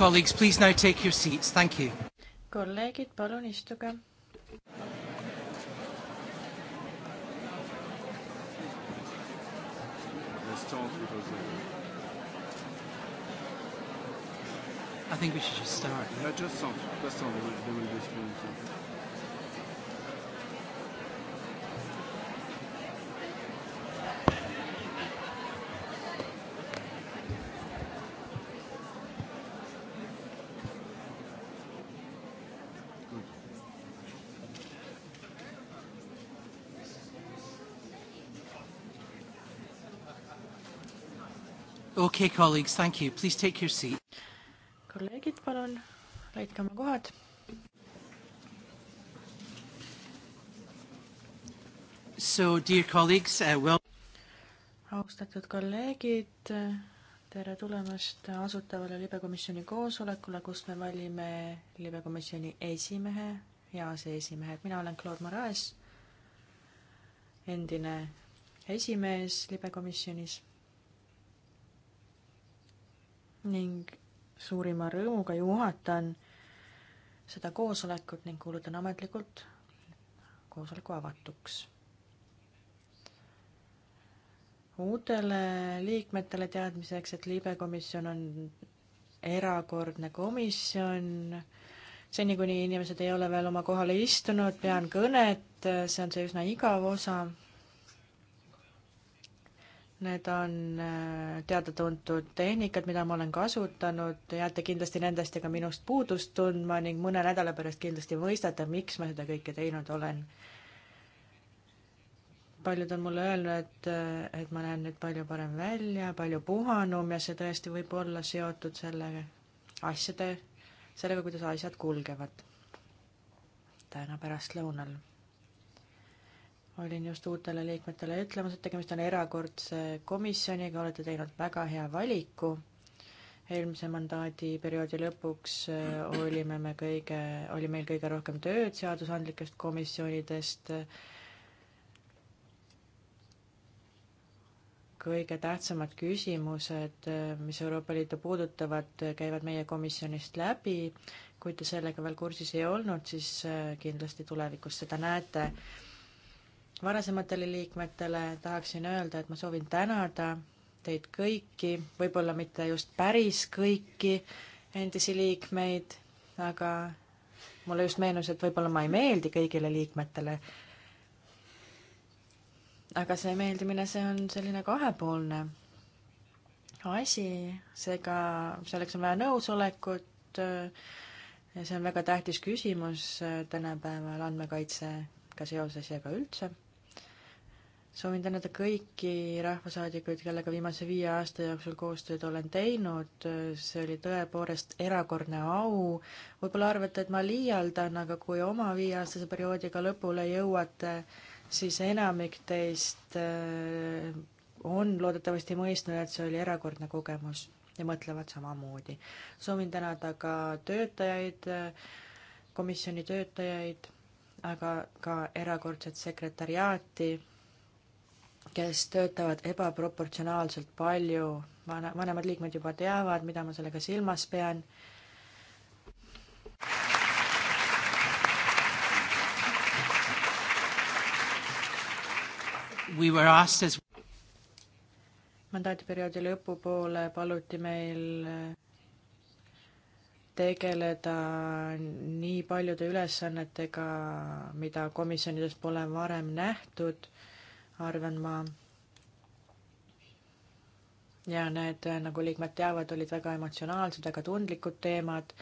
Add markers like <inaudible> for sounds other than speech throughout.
colleagues, please now take your seats. Thank you. kolleegid, palun istuge. I think we should just start. Yeah, just start. Just start. There will, there will be a Okay, colleagues, thank you. Please take your seat. kolleegid, palun leidke oma kohad. So, dear colleagues uh,, well. austatud kolleegid, tere tulemast Asutavale libekomisjoni koosolekule, kus me valime libekomisjoni esimehe ja aseesimehed. mina olen Claude Moraes, endine esimees libekomisjonis ning suurima rõõmuga juhatan seda koosolekut ning kuulutan ametlikult koosoleku avatuks. uutele liikmetele teadmiseks, et liibekomisjon on erakordne komisjon, seni, kuni inimesed ei ole veel oma kohale istunud, pean kõnet, see on see üsna igav osa Need on äh, teada-tuntud tehnikad, mida ma olen kasutanud, jääte kindlasti nendest ja ka minust puudust tundma ning mõne nädala pärast kindlasti mõistate, miks ma seda kõike teinud olen. paljud on mulle öelnud, et äh, ma näen nüüd palju parem välja, palju puhanum ja see tõesti võib olla seotud selle asjade, sellega, kuidas asjad kulgevad täna pärastlõunal olin just uutele liikmetele ütlemas, et tegemist on erakordse komisjoniga, olete teinud väga hea valiku. eelmise mandaadiperioodi lõpuks äh, olime me kõige, oli meil kõige rohkem tööd seadusandlikest komisjonidest. kõige tähtsamad küsimused, äh, mis Euroopa Liitu puudutavad, äh, käivad meie komisjonist läbi. kui te sellega veel kursis ei olnud, siis kindlasti tulevikus seda näete varasematele liikmetele tahaksin öelda, et ma soovin tänada teid kõiki, võib-olla mitte just päris kõiki endisi liikmeid, aga mulle just meenus, et võib-olla ma ei meeldi kõigile liikmetele. aga see meeldimine, see on selline kahepoolne asi, seega selleks on vaja nõusolekut ja see on väga tähtis küsimus äh, tänapäeval andmekaitsega seoses ja ka üldse soovin tänada kõiki rahvasaadikuid, kellega viimase viie aasta jooksul koostööd olen teinud, see oli tõepoolest erakordne au. võib-olla arvate, et ma liialdan, aga kui oma viieaastase perioodiga lõpule jõuate, siis enamik teist äh, on loodetavasti mõistnud, et see oli erakordne kogemus ja mõtlevad samamoodi. soovin tänada ka töötajaid, komisjoni töötajaid, aga ka erakordset sekretäriaati kes töötavad ebaproportsionaalselt palju, vana, vanemad liikmed juba teavad, mida ma sellega silmas pean we were asked as mandaadiperioodi lõpupoole paluti meil äh, tegeleda nii paljude ülesannetega, mida komisjonidest pole varem nähtud arvan ma. ja need, nagu liikmed teavad, olid väga emotsionaalsed, väga tundlikud teemad.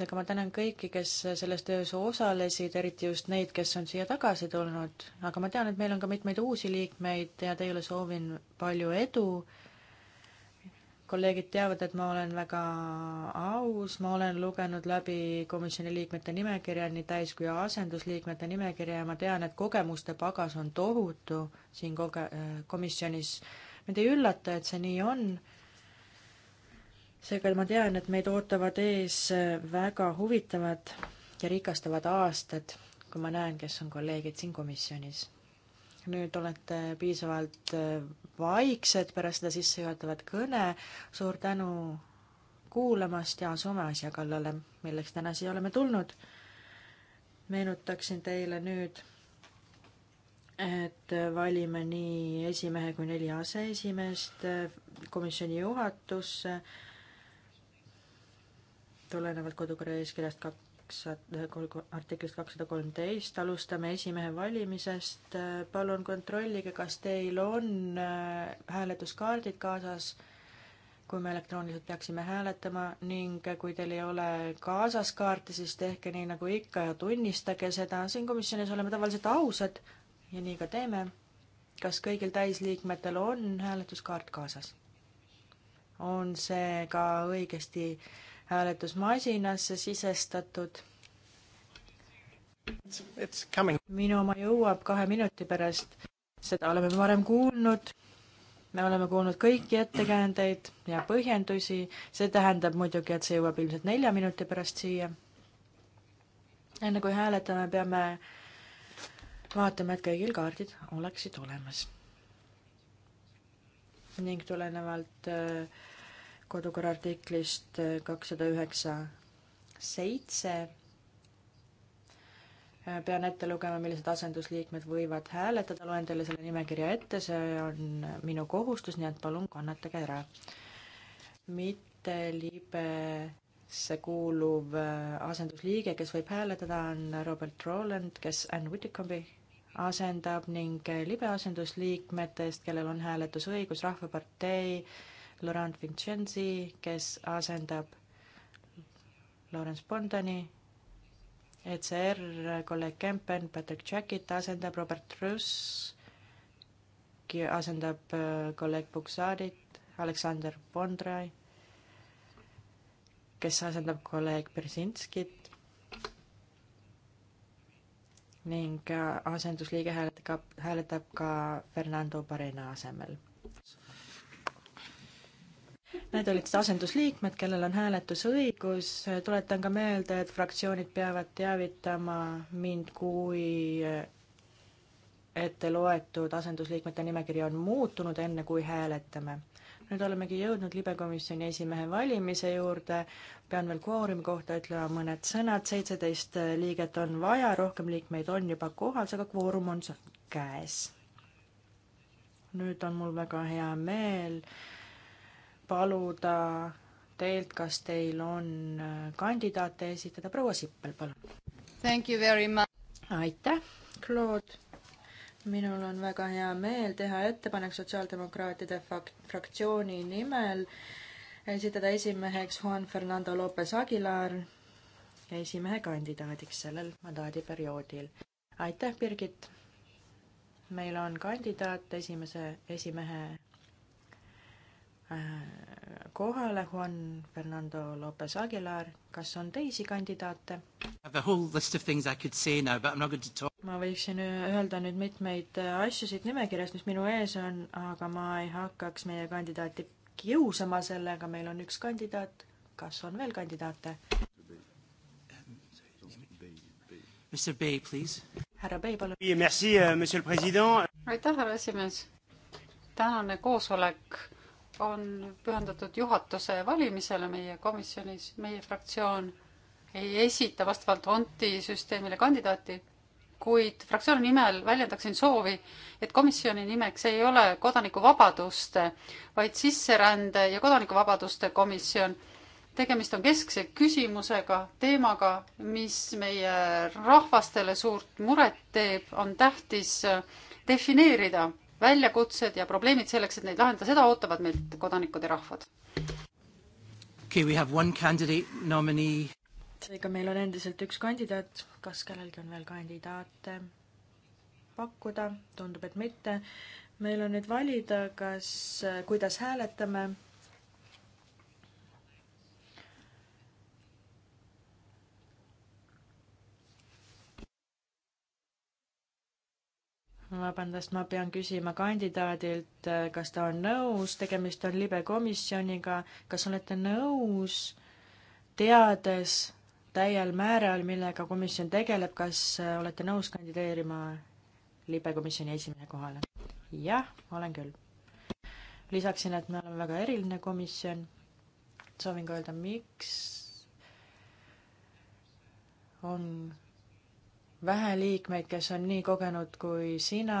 seega ma tänan kõiki, kes selles töös osalesid, eriti just neid, kes on siia tagasi tulnud, aga ma tean, et meil on ka mitmeid uusi liikmeid ja teile soovin palju edu kolleegid teavad, et ma olen väga aus, ma olen lugenud läbi komisjoni liikmete nimekirja, nii täis- kui asendusliikmete nimekirja ja ma tean, et kogemuste pagas on tohutu siin koge-, komisjonis. mind ei üllata, et see nii on, seega ma tean, et meid ootavad ees väga huvitavad ja rikastavad aastad, kui ma näen, kes on kolleegid siin komisjonis nüüd olete piisavalt äh, vaiksed pärast seda sissejuhatavat kõne. suur tänu kuulamast ja asume asja kallale, milleks täna siia oleme tulnud. meenutaksin teile nüüd, et valime nii esimehe kui neli aseesimeest äh, komisjoni juhatusse tulenevalt kodukorra eeskirjast kaks kakssada, artiklist kakssada kolmteist, alustame esimehe valimisest. palun kontrollige, kas teil on äh, hääletuskaardid kaasas, kui me elektrooniliselt peaksime hääletama ning kui teil ei ole kaasas kaarti, siis tehke nii nagu ikka ja tunnistage seda. siin komisjonis oleme tavaliselt ausad ja nii ka teeme. kas kõigil täisliikmetel on hääletuskaart kaasas? on see ka õigesti äh, hääletusmasinasse sisestatud. minu oma jõuab kahe minuti pärast, seda oleme varem kuulnud. me oleme kuulnud kõiki ettekäändeid ja põhjendusi, see tähendab muidugi, et see jõuab ilmselt nelja minuti pärast siia. enne kui hääletame, peame vaatame, et kõigil kaardid oleksid olemas. ning tulenevalt äh, kodukorra artiklist kakssada üheksa seitse pean ette lugema, millised asendusliikmed võivad hääletada, loen teile selle nimekirja ette, see on minu kohustus, nii et palun kannatage ära. mitte libesse kuuluv asendusliige, kes võib hääletada, on Robert Roland, kes Ann Whitcombi asendab ning libe asendusliikmetest, kellel on hääletusõigus, Rahvapartei, Laurent Vincenzi, kes asendab Lawrence Bondani, ECR kolleeg Kempen, Patrick Jackit asendab Robert Russ, asendab äh, kolleeg Buksaadit, Aleksander Bondrai, kes asendab kolleeg Brzezinskit ning äh, asendusliige hääletab, hääletab ka Fernando Barena asemel. Need olid siis asendusliikmed, kellel on hääletusõigus, tuletan ka meelde, et fraktsioonid peavad teavitama mind, kui ette loetud asendusliikmete nimekiri on muutunud, enne kui hääletame. nüüd olemegi jõudnud libekomisjoni esimehe valimise juurde, pean veel kvoorumi kohta ütlema mõned sõnad, seitseteist liiget on vaja, rohkem liikmeid on juba kohal, seega kvoorum on käes. nüüd on mul väga hea meel äh, paluda teilt, kas teil on äh, kandidaate esitada. proua Sippel, palun. aitäh, Claude. minul on väga hea meel teha ettepanek Sotsiaaldemokraatide fraktsiooni nimel esitada esimeheks Juan Fernando Lopez Aguilar esimehe kandidaadiks sellel mandaadiperioodil. aitäh, Birgit. meil on kandidaat esimese, esimehe Äh, kohale Juan Fernando Lopez Aguilar. kas on teisi kandidaate? ma võiksin äh, öelda nüüd mitmeid äh, asju siit nimekirjast, mis minu ees on, aga ma ei hakkaks meie kandidaati kiusama sellega, meil on üks kandidaat. kas on veel kandidaate? härra Bey, palun. Euh, aitäh, härra esimees. tänane koosolek on pühendatud juhatuse valimisele meie komisjonis. meie fraktsioon ei esita vastavalt Honti süsteemile kandidaati, kuid fraktsiooni nimel väljendaksin soovi, et komisjoni nimeks ei ole kodanikuvabaduste, vaid sisserände ja kodanikuvabaduste komisjon. tegemist on keskse küsimusega, teemaga, mis meie rahvastele suurt muret teeb, on tähtis defineerida väljakutsed ja probleemid selleks, et neid lahendada, seda ootavad meilt kodanikud ja rahvad. Okay, we have one candidate nominee. seega meil on endiselt üks kandidaat, kas kellelgi on veel kandidaate pakkuda, tundub, et mitte. meil on nüüd valida, kas, kuidas hääletame vabandust, ma pean küsima kandidaadilt, äh, kas ta on nõus, tegemist on libe komisjoniga, kas olete nõus, teades täiel määral, millega komisjon tegeleb, kas äh, olete nõus kandideerima libe komisjoni esimene kohale? jah, olen küll. lisaksin, et me oleme väga eriline komisjon, soovin ka öelda, miks on vähe liikmeid, kes on nii kogenud kui sina,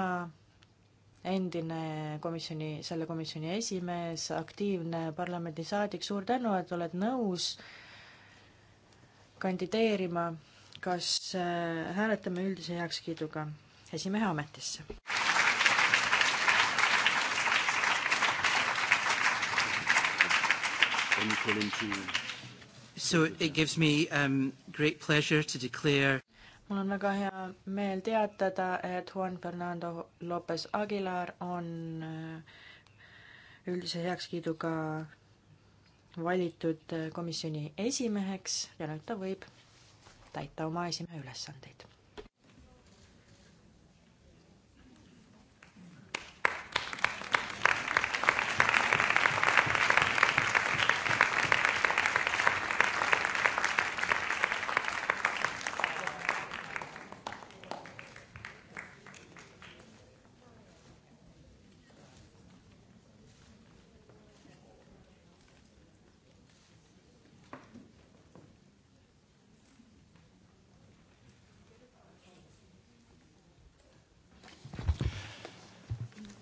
endine komisjoni, selle komisjoni esimees, aktiivne parlamendisaadik, suur tänu, et oled nõus kandideerima. kas äh, hääletame üldise heakskiiduga esimehe ametisse? So it gives me um, great pleasure to declare mul on väga hea meel teatada, et Juan Fernando Lopez Aguilar on äh, üldise heakskiiduga valitud äh, komisjoni esimeheks ja nüüd ta võib täita oma esimehe ülesandeid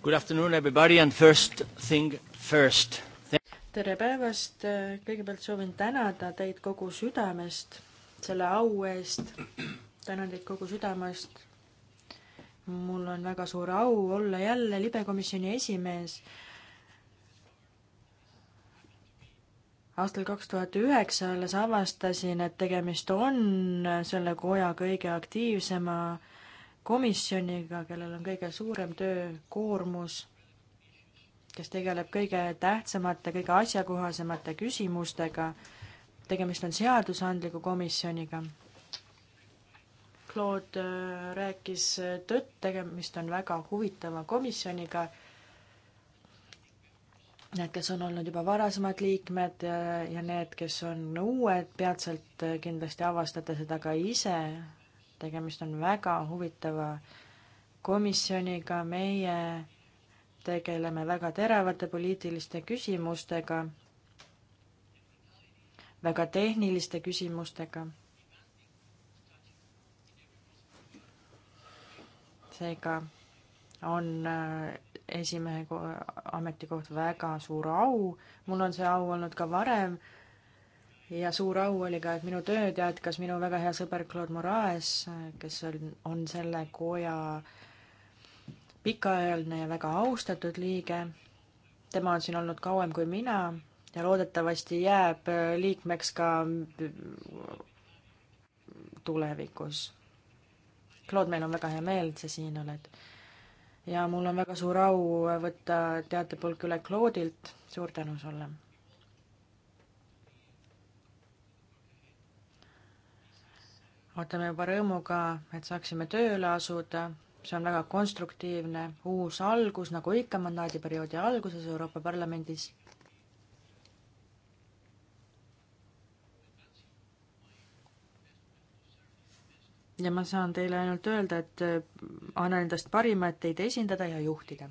Good afternoon everybody and first thing first. tere päevast, kõigepealt soovin tänada teid kogu südamest selle au eest. tänan teid kogu südamest. mul on väga suur au olla jälle libekomisjoni esimees. aastal kaks tuhat üheksa alles avastasin, et tegemist on selle koja kõige aktiivsema komisjoniga, kellel on kõige suurem töökoormus, kes tegeleb kõige tähtsamate, kõige asjakohasemate küsimustega. tegemist on seadusandliku komisjoniga. Claude äh, rääkis äh, tõtt, tegemist on väga huvitava komisjoniga. Need, kes on olnud juba varasemad liikmed ja, äh, ja need, kes on uued, peatselt kindlasti avastate seda ka ise tegemist on väga huvitava komisjoniga, meie tegeleme väga teravate poliitiliste küsimustega, väga tehniliste küsimustega. seega on äh, esimehe ametikoht väga suur au, mul on see au olnud ka varem ja suur au oli ka, et minu tööd jätkas minu väga hea sõber Claude Moraes, kes on, on selle koja pikaajaline ja väga austatud liige. tema on siin olnud kauem kui mina ja loodetavasti jääb äh, liikmeks ka äh, tulevikus. Claude, meil on väga hea meel, et sa siin oled. ja mul on väga suur au võtta teatepulk üle Claude'ilt, suur tänu sulle ootame juba rõõmuga, et saaksime tööle asuda, see on väga konstruktiivne uus algus, nagu ikka mandaadiperioodi alguses Euroopa Parlamendis. ja ma saan teile ainult öelda, et eh, annan endast parima, et teid esindada ja juhtida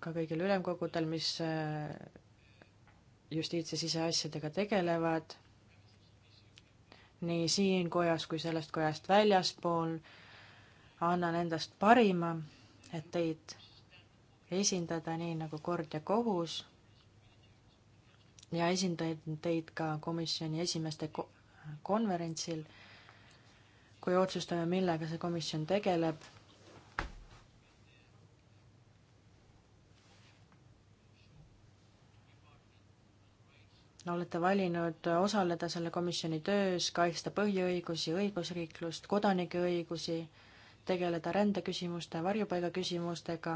ka kõigil ülemkogudel, mis eh, justiits- ja siseasjadega tegelevad nii siin kojas kui sellest kojast väljaspool. annan endast parima, et teid esindada nii nagu kord ja kohus ja esindan teid ka komisjoni esimeeste ko konverentsil, kui otsustame, millega see komisjon tegeleb olete valinud osaleda selle komisjoni töös, kaitsta põhiõigusi, õigusriiklust, kodanike õigusi, tegeleda rändeküsimuste, varjupaigaküsimustega,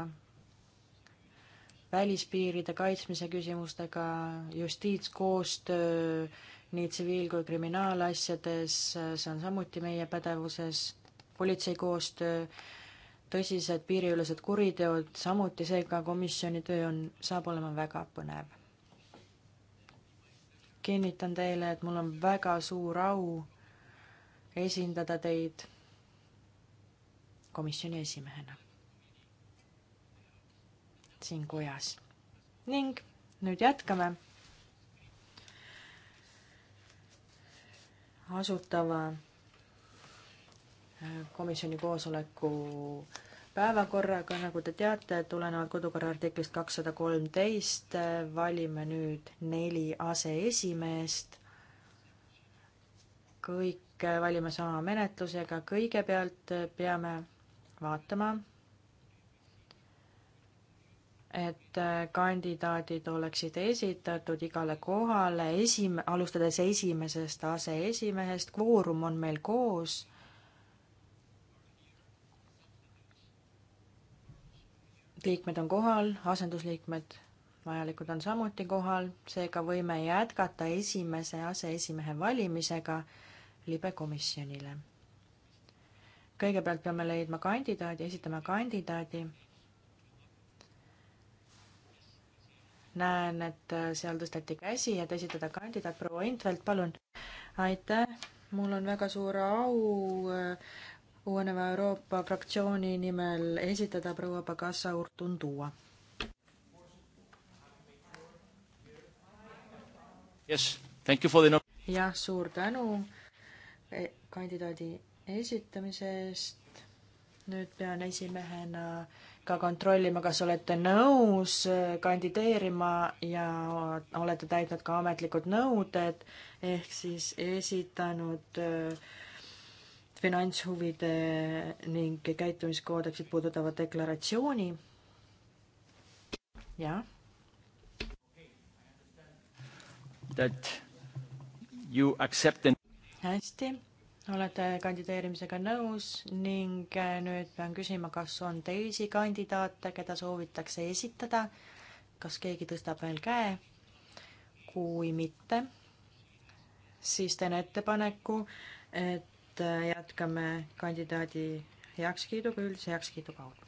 välispiiride kaitsmise küsimustega, justiitskoostöö nii tsiviil- kui kriminaalasjades, see on samuti meie pädevuses, politsei koostöö, tõsised piiriülesed kuriteod, samuti seega komisjoni töö on, saab olema väga põnev kinnitan teile, et mul on väga suur au esindada teid komisjoni esimehena siin kojas. ning nüüd jätkame asutava äh, komisjoni koosoleku päevakorraga, nagu te teate, tulenevalt kodukorra artiklist kakssada kolmteist äh, valime nüüd neli aseesimeest. kõik äh, valime sama menetlusega, kõigepealt äh, peame vaatama, et kandidaadid oleksid esitatud igale kohale esim-, alustades esimesest aseesimehest, kvoorum on meil koos liikmed on kohal, asendusliikmed vajalikud on samuti kohal, seega võime jätkata esimese aseesimehe valimisega libekomisjonile. kõigepealt peame leidma kandidaadi, esitame kandidaadi. näen, et seal tõsteti käsi, et esitada kandidaat, proua Intvelt, palun. aitäh, mul on väga suur au uueneva Euroopa fraktsiooni nimel esitada proua Pagasa Urtundua. Yes, thank you for the jah, suur tänu e, kandidaadi esitamise eest. nüüd pean esimehena ka kontrollima, kas olete nõus e, kandideerima ja olete täitnud ka ametlikud nõuded ehk siis esitanud äh, finantshuvide ning käitumiskoodeksit puudutava deklaratsiooni. jah. That you accept and hästi, olete kandideerimisega nõus ning äh, nüüd pean küsima, kas on teisi kandidaate, keda soovitakse esitada. kas keegi tõstab veel käe? kui mitte, siis teen ettepaneku, et et äh, jätkame kandidaadi heakskiiduga, üldise heakskiidu kaudu.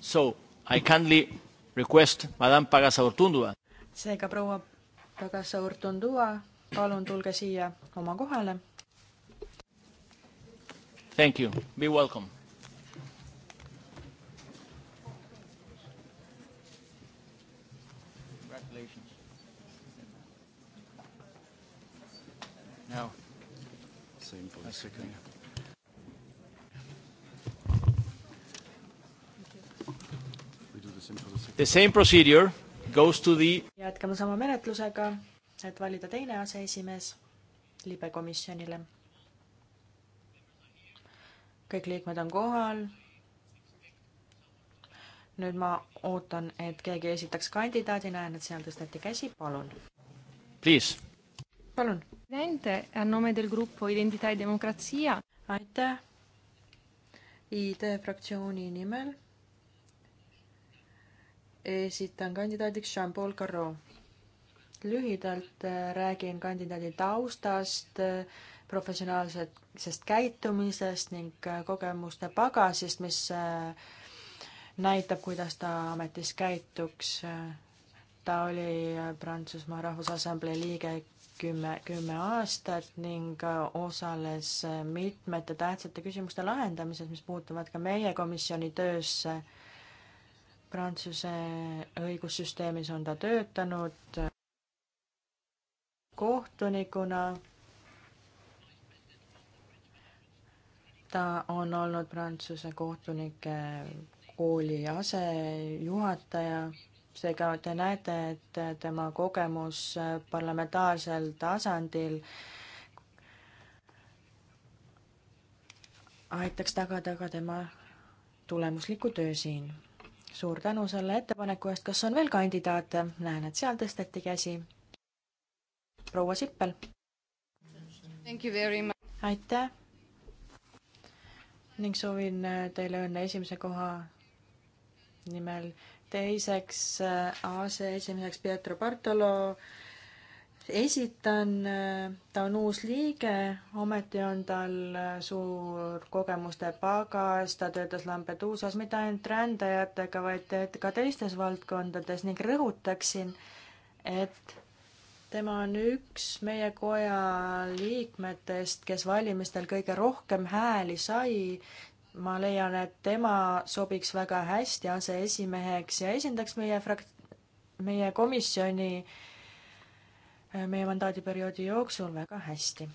So I kindly request Madame Pagasaurtundua. seega proua Pagasaurtundua, palun tulge siia oma kohale. Thank you, be welcome The same procedure goes to the jätkame sama menetlusega, et valida teine aseesimees libekomisjonile. kõik liikmed on kohal. nüüd ma ootan, et keegi esitaks kandidaadi, näen, et seal tõsteti käsi, palun. Please. palun Presidente, a nome del gruppo Identità ja e Demokratia. aitäh ID fraktsiooni nimel. esitan kandidaadiks Jean-Paul Carreau. lühidalt äh, räägin kandidaadi taustast, äh, professionaalsest käitumisest ning äh, kogemuste pagasist, mis näitab, kuidas ta ametis käituks ta oli Prantsusmaa Rahvusassamblee liige kümme, kümme aastat ning äh, osales äh, mitmete tähtsate küsimuste lahendamises, mis puutuvad ka meie komisjoni töösse. Prantsuse õigussüsteemis on ta töötanud äh, kohtunikuna ta on olnud Prantsuse kohtunike kooli asejuhataja seega te näete, et tema kogemus parlamentaarsel tasandil aitaks tagada ka tema tulemusliku töö siin. suur tänu selle ettepaneku eest, kas on veel kandidaate? näen, et seal tõsteti käsi. proua Sippel. aitäh ning soovin teile õnne esimese koha nimel teiseks äh, aseesimeheks Pietro Bartolo esitan, äh, ta on uus liige, ometi on tal äh, suur kogemuste pagas, ta töötas Lampeduusas mitte ainult rändajatega, vaid ka teistes valdkondades ning rõhutaksin, et tema on üks meie koja liikmetest, kes valimistel kõige rohkem hääli sai, ma leian, et tema sobiks väga hästi aseesimeheks ja esindaks meie frak-, meie komisjoni äh, meie mandaadiperioodi jooksul väga hästi.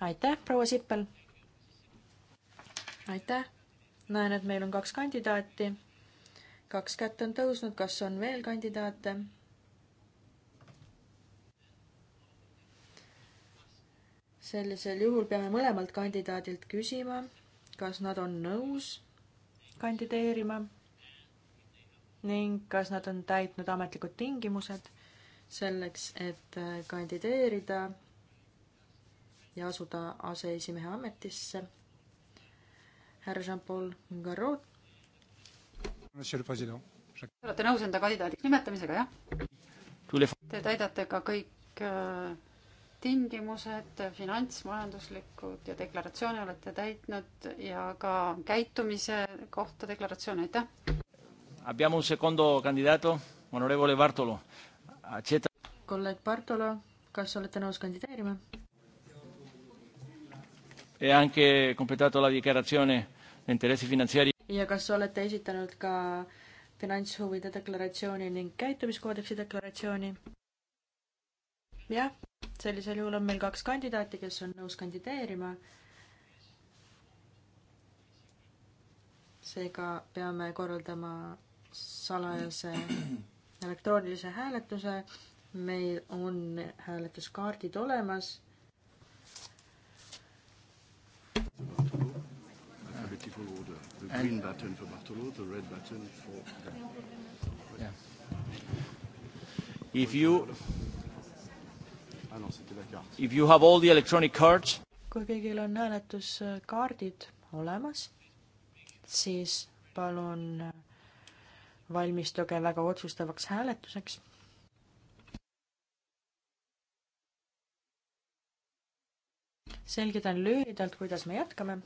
aitäh, proua Sippel! aitäh! näen, et meil on kaks kandidaati. kaks kätt on tõusnud, kas on veel kandidaate? sellisel juhul peame mõlemalt kandidaadilt küsima, kas nad on nõus kandideerima ning kas nad on täitnud ametlikud tingimused selleks, et äh, kandideerida ja asuda aseesimehe ametisse. härra Jean-Paul Garot. Te olete nõus enda kandidaadiks nimetamisega, jah? Te täidate ka kõik äh, tingimused, finantsmajanduslikud ja deklaratsiooni olete täitnud ja ka käitumise kohta deklaratsiooni, aitäh! Abbiamo un secondo candidato, onorevole Bartolo. Accetta. kolleeg Bartolo, kas olete nõus kandideerima? E anche completato la dichiarazione di interessi finanziari. ja kas olete esitanud ka finantshuvide deklaratsiooni ning käitumiskoodeksi deklaratsiooni? jah sellisel juhul on meil kaks kandidaati, kes on nõus kandideerima. seega peame korraldama salajase <clears throat> elektroonilise hääletuse. meil on hääletuskaardid olemas. Beautiful order. The green button for Bartolo, the red button for. Yeah. If you If you have all the electronic cards. kui kõigil on hääletuskaardid olemas, siis palun valmistuge väga otsustavaks hääletuseks selgitan lühidalt, kuidas me jätkame.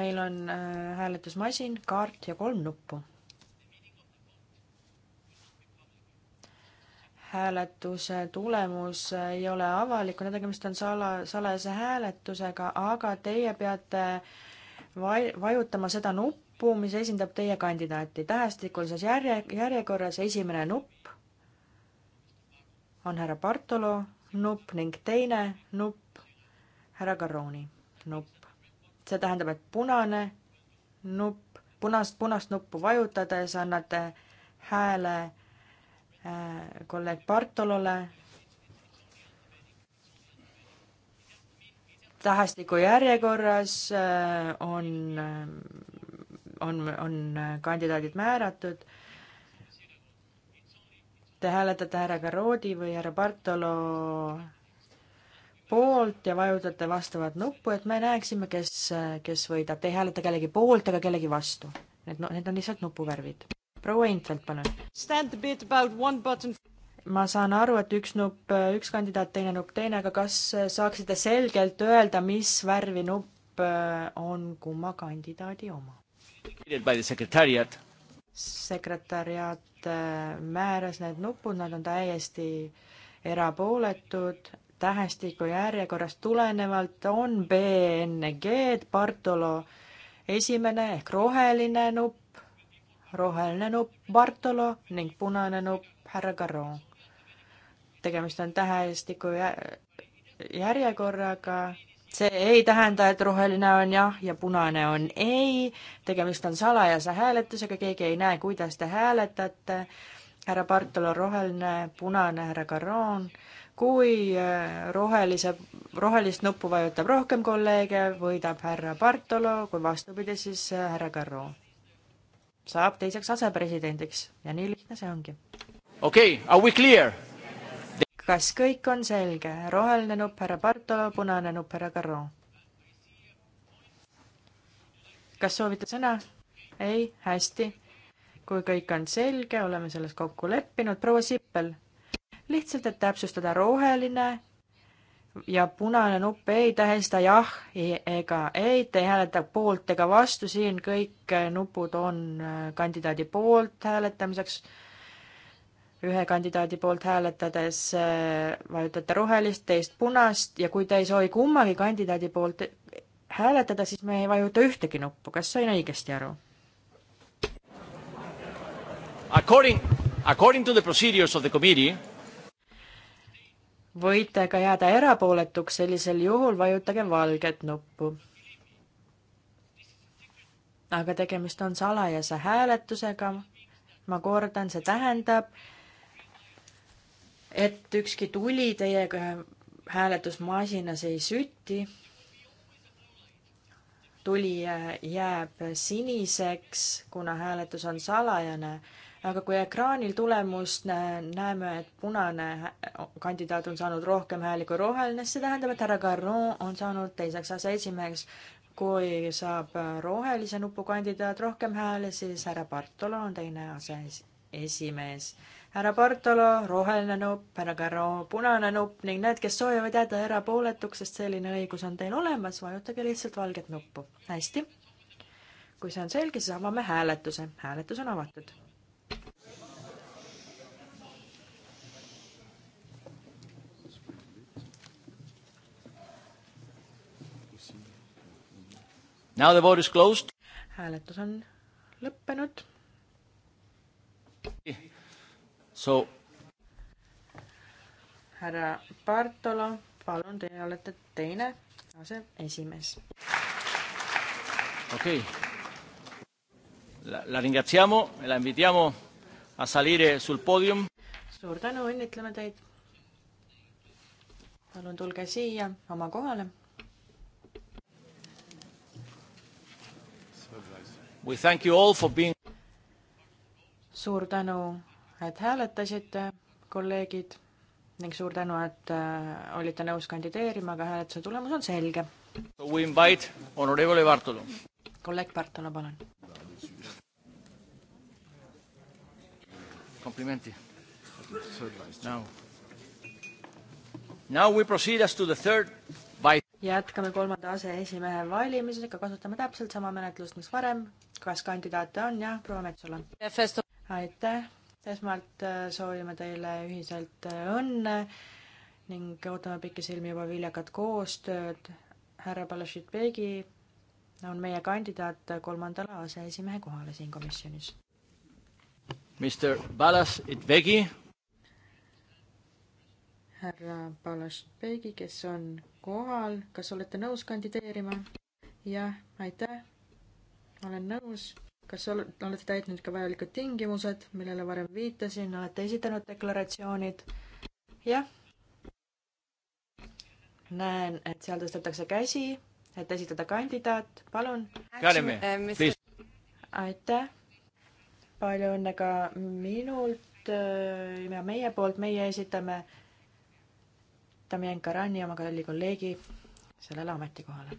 meil on äh, hääletusmasin, kaart ja kolm nuppu. hääletuse tulemus ei ole avalikuna, tegemist on sala, salajase hääletusega, aga teie peate vai-, vajutama seda nuppu, mis esindab teie kandidaati. tähestikulises järje, järjekorras esimene nupp on härra Bartolo nupp ning teine nupp härra Garroni nupp. see tähendab, et punane nupp, punast, punast nuppu vajutades annate hääle Äh, kolleeg Bartolole tähestiku järjekorras äh, on, on, on kandidaadid määratud. Te hääletate härra Garodi või härra Bartolo poolt ja vajutate vastavat nuppu, et me näeksime, kes, kes võidab. Te ei hääleta kellegi poolt ega kellegi vastu. Need, need on lihtsalt nupuvärvid proua Intvelt, palun. ma saan aru, et üks nupp, üks kandidaat, teine nupp, teine, aga kas äh, saaksite selgelt öelda, mis värvi nupp äh, on kumma kandidaadi oma? sekretäriaat äh, määras need nupud, nad on täiesti erapooletud, tähestiku järjekorrast tulenevalt on B enne G-d, Bartolo esimene ehk roheline nupp, roheline nupp Bartolo ning punane nupp härra Garro. tegemist on tähestiku järjekorraga. see ei tähenda, et roheline on jah ja punane on ei. tegemist on salajase hääletusega, keegi ei näe, kuidas te hääletate. härra Bartolo roheline, punane härra Garron kui äh, rohelise, rohelist nuppu vajutab rohkem kolleege, võidab härra Bartolo, kui vastupidi, siis äh, härra Garro saab teiseks asepresidendiks ja nii lihtne see ongi. okei okay,, are we clear? kas kõik on selge? roheline nupp härra Bartolo, punane nupp härra Garro. kas soovite sõna? ei, hästi. kui kõik on selge, oleme selles kokku leppinud. proua Sippel, lihtsalt, et täpsustada, roheline ja punane nupp ei tähenda jah e-, ega ei, te ei hääleta poolt ega vastu, siin kõik nupud on äh, kandidaadi poolt hääletamiseks. ühe kandidaadi poolt hääletades äh, vajutate rohelist, teist punast ja kui te ei soovi kummagi kandidaadi poolt hääletada, siis me ei vajuta ühtegi nuppu, kas sain õigesti aru? According, according to the procedures of the committee võite ka jääda erapooletuks, sellisel juhul vajutage valget nuppu. aga tegemist on salajase hääletusega. ma kordan, see tähendab, et ükski tuli teie hääletusmasinas ei süti. tuli jääb siniseks, kuna hääletus on salajane aga kui ekraanil tulemust näeme, et punane kandidaat on saanud rohkem hääli kui roheline, siis see tähendab, et härra Garron on saanud teiseks aseesimeheks. kui saab rohelise nupu kandidaat rohkem hääli, siis härra Bartolo on teine aseesimees. härra Bartolo, roheline nupp, härra Garron, punane nupp ning need, kes soovivad jääda erapooletuks, sest selline õigus on teil olemas, vajutage lihtsalt valget nuppu. hästi. kui see on selge, siis avame hääletuse. hääletus on avatud Now the vote is closed. hääletus on lõppenud. So. härra Bartolo, palun, teie olete teine aseesimees. okei okay.. La ringraziamo, la invitiamo a salire sul podium. suur tänu, õnnitleme teid. palun tulge siia oma kohale Being... suur tänu, et hääletasite, kolleegid, ning suur tänu, et äh, olite nõus kandideerima, aga hääletuse tulemus on selge. kolleeg Bartolo, palun. Complimenti. Now. Now we proceed as to the third by jätkame kolmanda aseesimehe valimisega, kasutame täpselt sama menetlust, mis varem, kas kandidaate on? jah, proua Metsola. aitäh, esmalt äh, soovime teile ühiselt äh, õnne ning ootame pikisilmi juba viljakat koostööd. härra Balashitbegi on meie kandidaat kolmandale aseesimehe kohale siin komisjonis. Mr Balashitbegi. härra Balashitbegi, kes on kohal, kas olete nõus kandideerima? jah, aitäh olen nõus, kas olete täitnud ka vajalikud tingimused, millele varem viitasin, olete esitanud deklaratsioonid? jah. näen, et seal tõstetakse käsi, et esitada kandidaat, palun. Äh, aitäh. palju õnne ka minult äh, ja meie poolt, meie esitame Damien Karani, oma kalli kolleegi, sellele ametikohale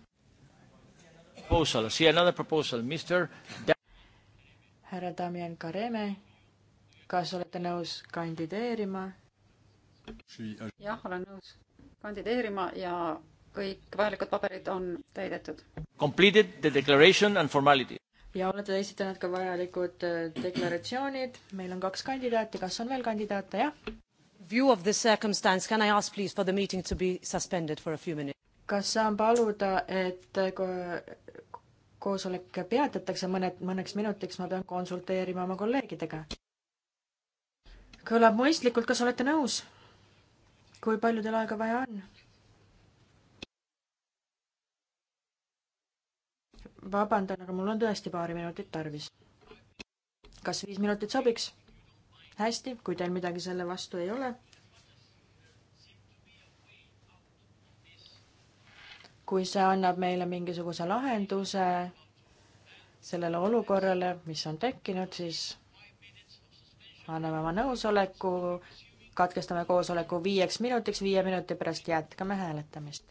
proposal. See another proposal, Mr. Da härra Damjan Kareme, kas olete nõus kandideerima? jah, olen nõus kandideerima ja kõik vajalikud paberid on täidetud. Completed the declaration and formality. ja olete esitanud ka vajalikud äh, deklaratsioonid, meil on kaks kandidaati, kas on veel kandidaate, jah? View of the circumstance, can I ask please for the meeting to be suspended for a few minutes? kas saan paluda, et äh, koosolek peatatakse mõned, mõneks minutiks, ma pean konsulteerima oma kolleegidega. kõlab mõistlikult, kas olete nõus? kui palju teil aega vaja on? vabandan, aga mul on tõesti paari minutit tarvis. kas viis minutit sobiks? hästi, kui teil midagi selle vastu ei ole kui see annab meile mingisuguse lahenduse sellele olukorrale, mis on tekkinud, siis anname oma nõusoleku, katkestame koosoleku viieks minutiks, viie minuti pärast jätkame hääletamist.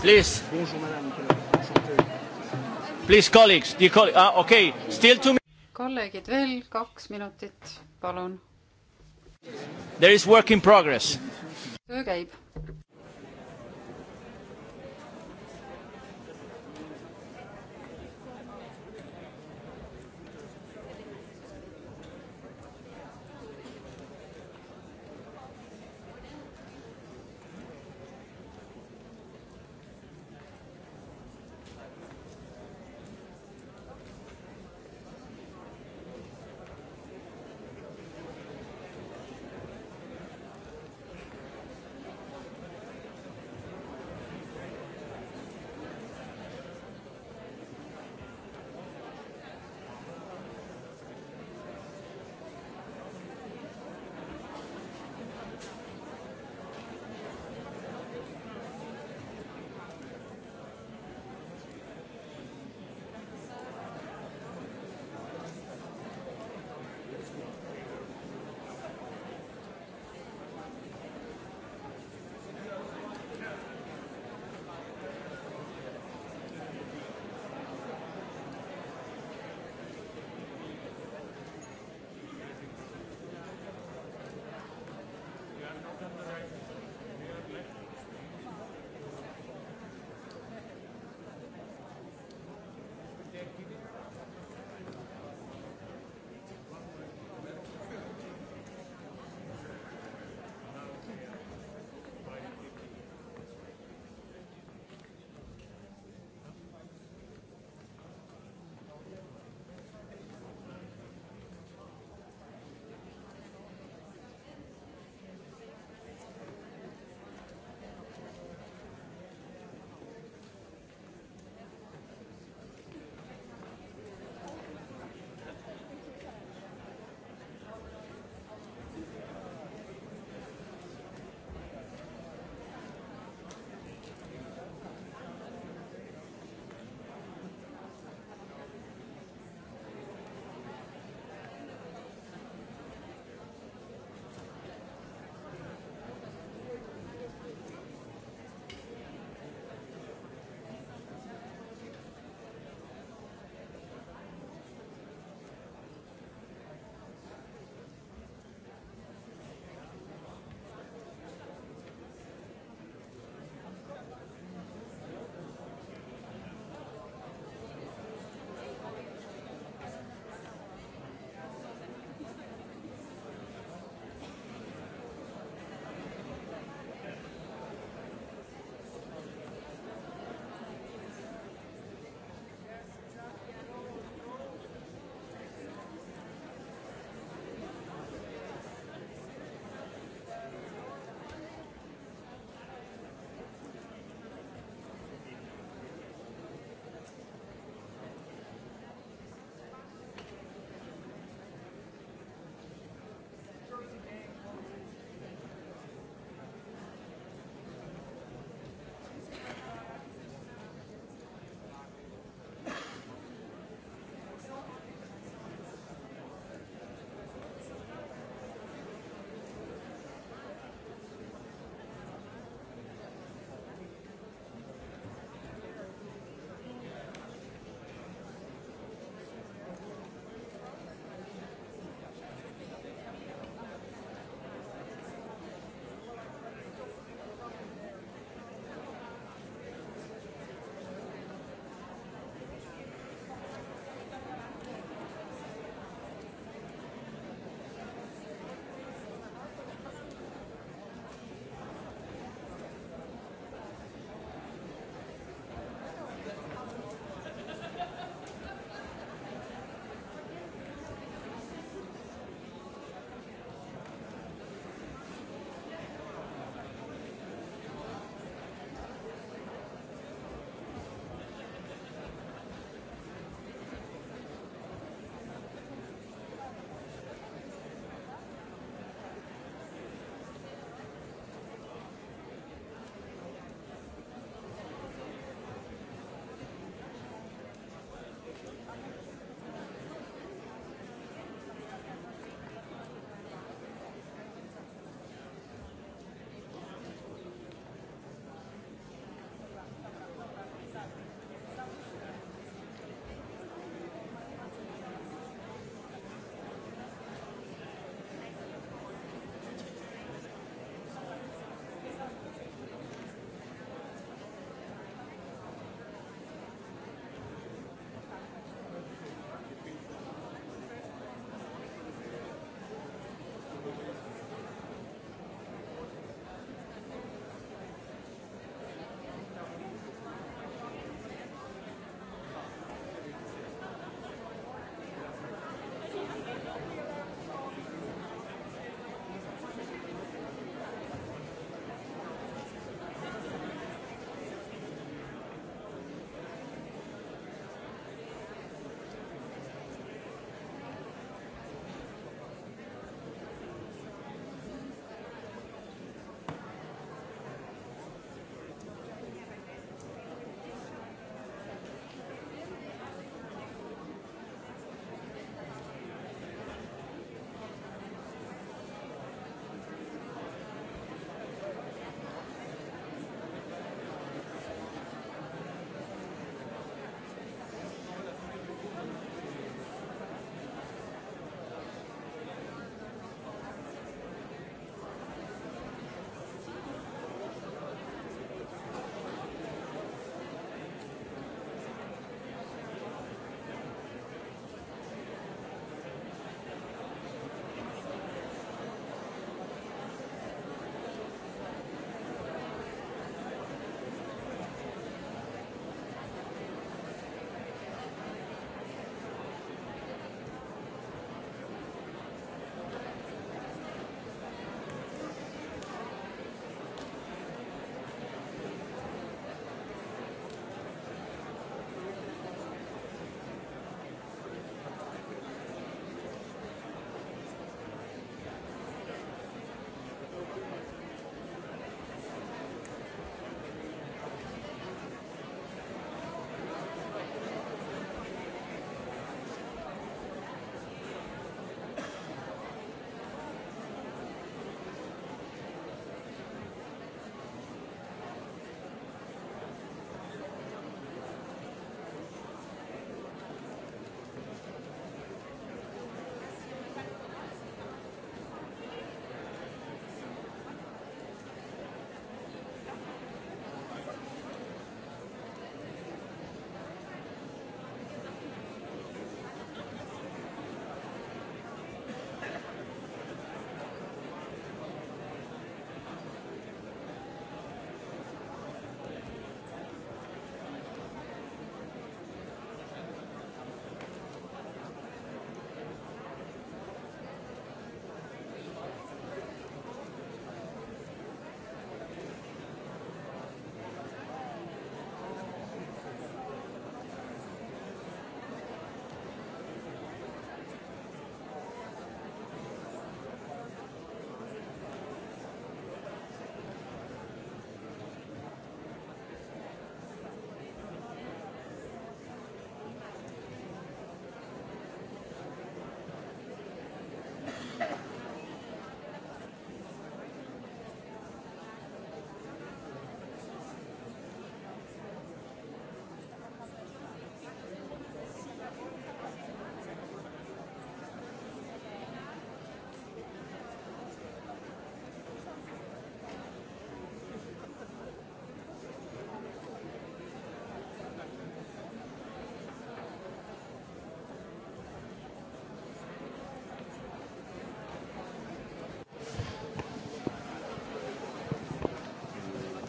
Please. Bonjour madame. Please colleagues, dear colleagues, ah, okei okay., still two kolleegid, veel kaks minutit, palun. There is work in progress. töö käib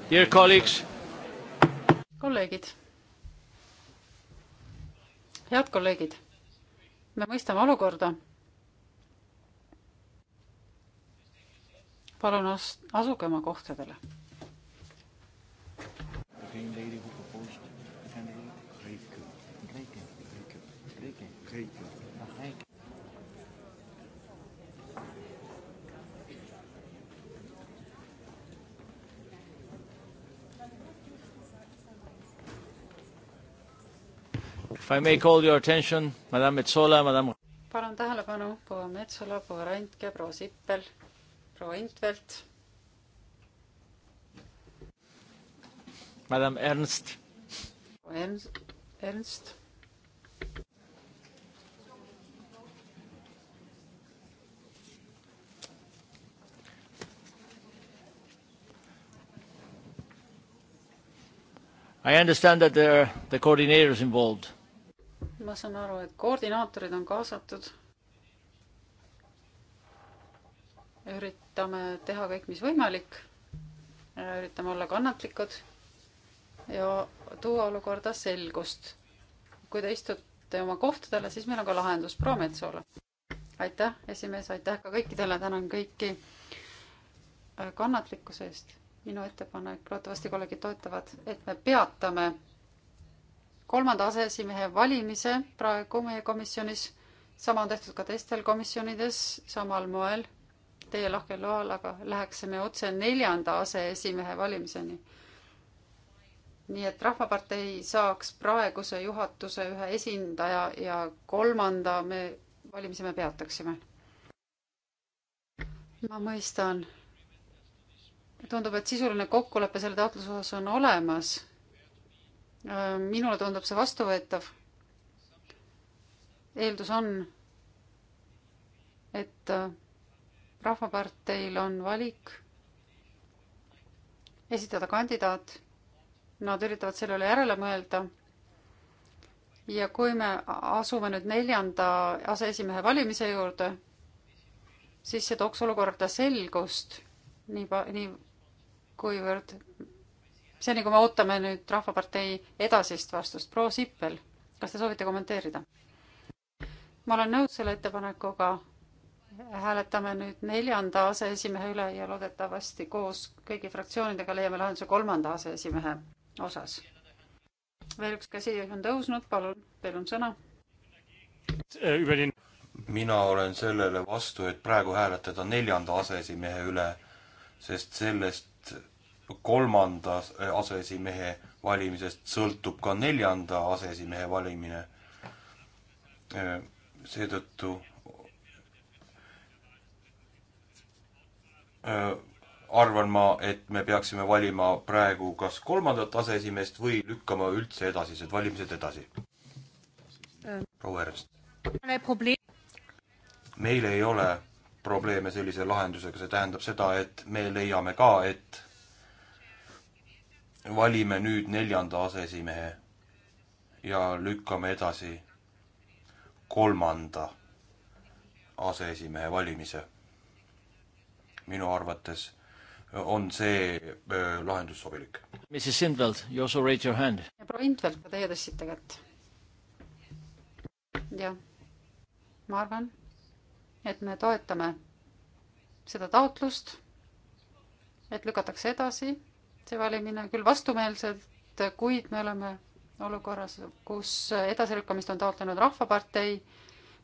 Dear colleagues. kolleegid. head kolleegid, me mõistame olukorda. palun asuge oma kohtadele. Kreeka, Kreeka, Kreeka, Kreeka. I may call your attention, madam Metsola, madam. palun tähelepanu, proua Metsola, proua Randke, proua Sippel, proua Intvelt. Madam Ernst. Ernst, Ernst. I understand that there are the coordinators involved ma saan aru, et koordinaatorid on kaasatud. üritame teha kõik, mis võimalik. üritame olla kannatlikud ja tuua olukorda selgust. kui te istute oma kohtadele, siis meil on ka lahendus. proua Metsoole. aitäh, esimees, aitäh ka kõikidele, tänan kõiki äh, kannatlikkuse eest. minu ettepanek, loodetavasti kolleegid toetavad, et me peatame kolmanda aseesimehe valimise praegu meie komisjonis. sama on tehtud ka teistel komisjonides samal moel. Teie lahkel loal aga läheksime otse neljanda aseesimehe valimiseni. nii et Rahvapartei saaks praeguse juhatuse ühe esindaja ja kolmanda me valimise me peataksime. ma mõistan. tundub, et sisuline kokkulepe selle taotluse osas on olemas Äh, minule tundub see vastuvõetav. eeldus on, et äh, Rahvaparteil on valik esitada kandidaat. Nad üritavad selle üle järele mõelda. ja kui me asume nüüd neljanda aseesimehe valimise juurde, siis see tooks olukorda selgust nii, nii kuivõrd seni, kui me ootame nüüd Rahvapartei edasist vastust. proua Sippel, kas te soovite kommenteerida? ma olen nõus selle ettepanekuga. hääletame nüüd neljanda aseesimehe üle ja loodetavasti koos kõigi fraktsioonidega leiame lahenduse kolmanda aseesimehe osas. veel üks käsi on tõusnud, palun, teil on sõna. mina olen sellele vastu, et praegu hääletada neljanda aseesimehe üle, sest sellest kolmanda aseesimehe valimisest sõltub ka neljanda aseesimehe valimine. seetõttu äh, arvan ma, et me peaksime valima praegu kas kolmandat aseesimeest või lükkama üldse edasised valimised edasi. proua Ernst. meil ei ole probleeme sellise lahendusega, see tähendab seda, et me leiame ka, et valime nüüd neljanda aseesimehe ja lükkame edasi kolmanda aseesimehe valimise. minu arvates on see äh, lahendus sobilik. Mrs Sindveld, you also raise your hand. proua Intveld, ka teie tõstsite kätt. jah, ma arvan, et me toetame seda taotlust, et lükatakse edasi see valimine küll vastumeelselt, kuid me oleme olukorras, kus edasilükkamist on taotlenud Rahvapartei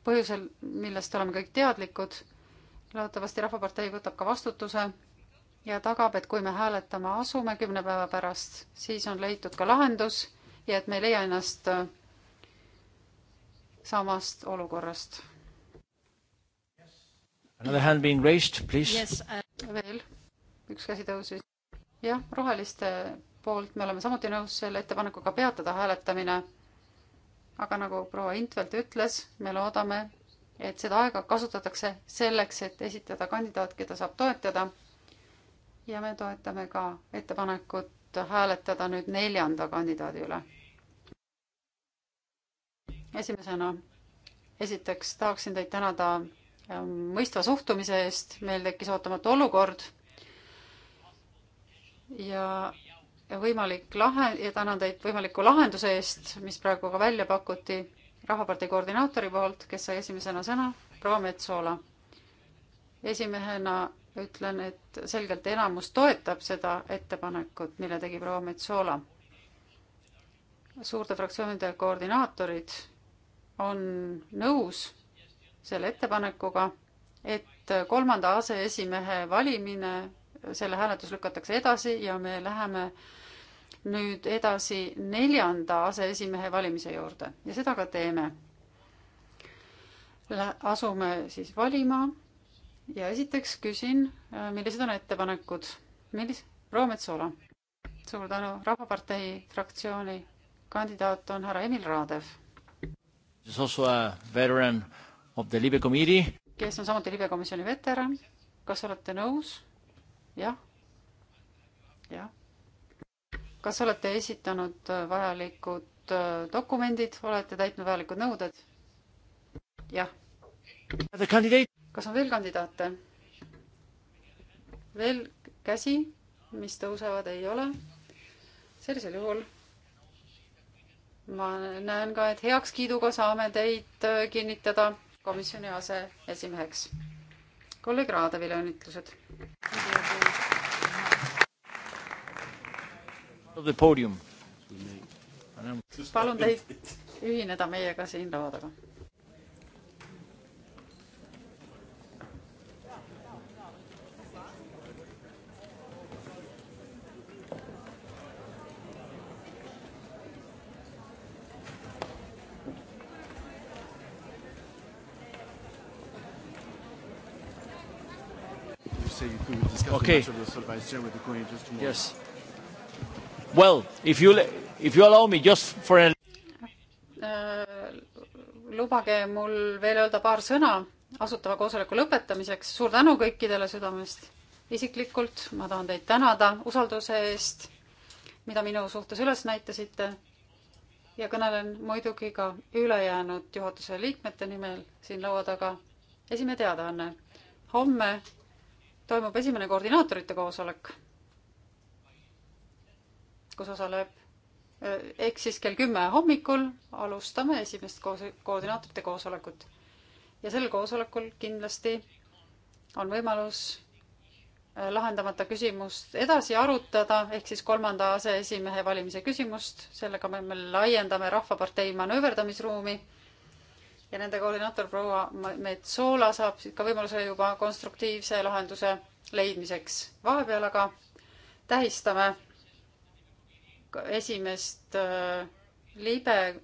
põhjusel, millest oleme kõik teadlikud. loodetavasti Rahvapartei võtab ka vastutuse ja tagab, et kui me hääletama asume kümne päeva pärast, siis on leitud ka lahendus ja et me ei leia ennast samast olukorrast. Another hand being raised, please yes,. I... veel üks käsi tõusis jah, roheliste poolt me oleme samuti nõus selle ettepanekuga peatada hääletamine. aga nagu proua Intvelt ütles, me loodame, et seda aega kasutatakse selleks, et esitada kandidaat, keda saab toetada. ja me toetame ka ettepanekut hääletada nüüd neljanda kandidaadi üle. esimesena, esiteks tahaksin teid tänada ähm, mõistva suhtumise eest, meil tekkis ootamatu olukord ja võimalik lahe, ja tänan teid võimaliku lahenduse eest, mis praegu ka välja pakuti Rahvapartei koordinaatori poolt, kes sai esimesena sõna, proua Metsoola. esimehena ütlen, et selgelt enamus toetab seda ettepanekut, mille tegi proua Metsoola. suurte fraktsioonide koordinaatorid on nõus selle ettepanekuga, et kolmanda aseesimehe valimine selle hääletus lükatakse edasi ja me läheme nüüd edasi neljanda aseesimehe valimise juurde ja seda ka teeme. asume siis valima ja esiteks küsin, äh, millised on ettepanekud, millis-, proua Metsola. suur tänu, Rahvapartei fraktsiooni kandidaat on härra Emil Raadev. kes on samuti libekomisjoni veteran, kas olete nõus? jah, jah. kas olete esitanud äh, vajalikud äh, dokumendid, olete täitnud vajalikud nõuded? jah. kas on veel kandidaate? veel käsi, mis tõusevad, ei ole. sellisel juhul ma näen ka, et heakskiiduga saame teid äh, kinnitada komisjoni aseesimeheks. kolleeg Raadevile õnnitlused. palun teid ühineda meiega siin laua taga. say you could discuss okay. the matter with the vice chair with the coin just tomorrow. Yes. Well, if you, if you allow me just for an... Äh, lubage mul veel öelda paar sõna asutava koosoleku lõpetamiseks. suur tänu kõikidele südamest. isiklikult ma tahan teid tänada usalduse eest, mida minu suhtes üles näitasite. ja kõnelen muidugi ka ülejäänud juhatuse liikmete nimel siin laua taga. esimene teadaanne. homme toimub esimene koordinaatorite koosolek kus osaleb eh, ehk siis kell kümme hommikul alustame esimest koos, koordinaatorite koosolekut. ja sel koosolekul kindlasti on võimalus eh, lahendamata küsimust edasi arutada, ehk siis kolmanda aseesimehe valimise küsimust, sellega me, me laiendame Rahvapartei manööverdamisruumi ja nende koordinaator proua Metsola saab siit ka võimaluse juba konstruktiivse lahenduse leidmiseks. vahepeal aga tähistame esimest äh, libe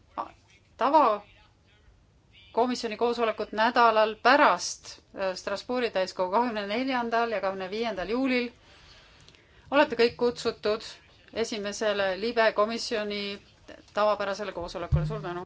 tavakomisjoni koosolekut nädalal pärast äh, Strasbourgi täiskogu kahekümne neljandal ja kahekümne viiendal juulil. olete kõik kutsutud esimesele libe komisjoni tavapärasele koosolekule. suur tänu!